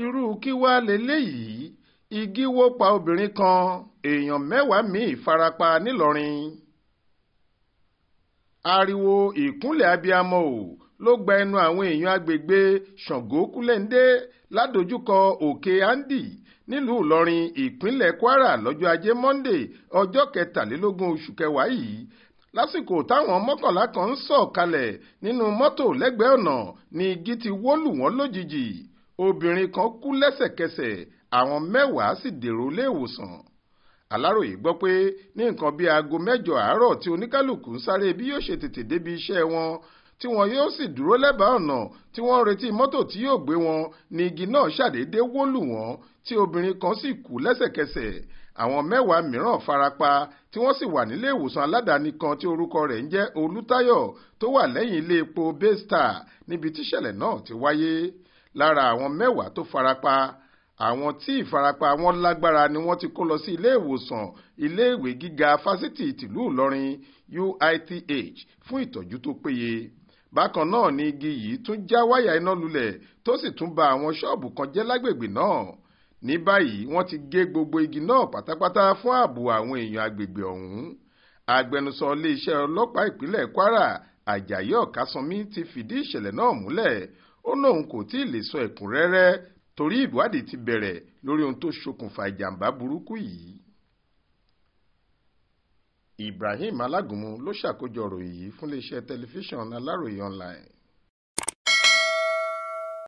irú kí wàá lélẹ́yìí igi wó pa obìnrin kan èèyàn mẹ́wàá míì farapa nílọrin ariwo ìkúnlẹ̀ abiyamọ o ló gba ẹnu àwọn èèyàn agbègbè ṣàngókúlẹ̀ńdẹ́ ládojúkọ òkè andy nílùú ìlọrin ìpínlẹ̀ kwara lọ́jọ́ ajé monde ọjọ́ kẹtàlélógún oṣù kẹwàá yìí lásìkò táwọn mọ́kànlá kan ń sọ̀ kalẹ̀ nínú mọ́tò lẹ́gbẹ̀ẹ́ ọ̀nà ni igi ti wó lù wọ́n lójijì obìnrin kan kú lẹ́sẹ̀kẹsẹ̀ àwọn mẹ́wàá sì dèrò iléèwòsàn aláròye gbọ́ pé ní nǹkan bíi aago mẹ́jọ àárọ̀ tí oníkálukú ń sáré bí yóò ṣe tètè débi iṣẹ́ wọn tí wọn yóò sì dúró lẹ́bàá ọ̀nà tí wọ́n ń retí mọ́tò tí yóò gbé wọn ní igi náà ṣàdédé wó lù wọ́n tí obìnrin kan sì kú lẹ́sẹ̀kẹsẹ̀ àwọn mẹ́wàá mìíràn farapa tí wọ́n sì wà nílé ìwòsàn aládàáni kan tí orúkọ rẹ̀ ń jẹ́ Olútáyọ̀ tó wà lẹ́yìn ilé epo Baystar níbi tíṣẹ̀lẹ̀ náà ti wáyé lára àwọn mẹ́wàá tó farapa àwọn tí ìfarapa wọn lágbára ni wọ́n ti kó lọ sí ilé ìwòsàn iléèwé gíga fásitì tìlú Ìlọrin UITH fún ìtọ́jú tó péye bákan náà ni igi yìí tún já wáyà iná lulẹ̀ tó sì tún ba àwọn ṣọ́ọ̀bù kan jẹ́ lágbègbè náà ní báyìí wọ́n ti gé gbogbo igi náà pátápátá fún ààbò àwọn èèyàn agbègbè ọ̀hún agbẹnusọ iléeṣẹ́ ọlọ́pàá ìpínlẹ̀ Kwara Àjàyí Ọ̀kásánmi ti fìdí ìṣẹ̀lẹ̀ náà múlẹ̀ ó lóun kò tí ì lè sọ ẹ̀kúnrẹ́rẹ́ torí ìwádìí ti bẹ̀rẹ̀ lórí ohun tó ṣokùnfà ìjàmbá burúkú yìí. Ibrahim Alágúnmu ló ṣàkójọ ọ̀rọ̀ yìí fún iléeṣẹ́ tẹlifíṣàn Aláròye online.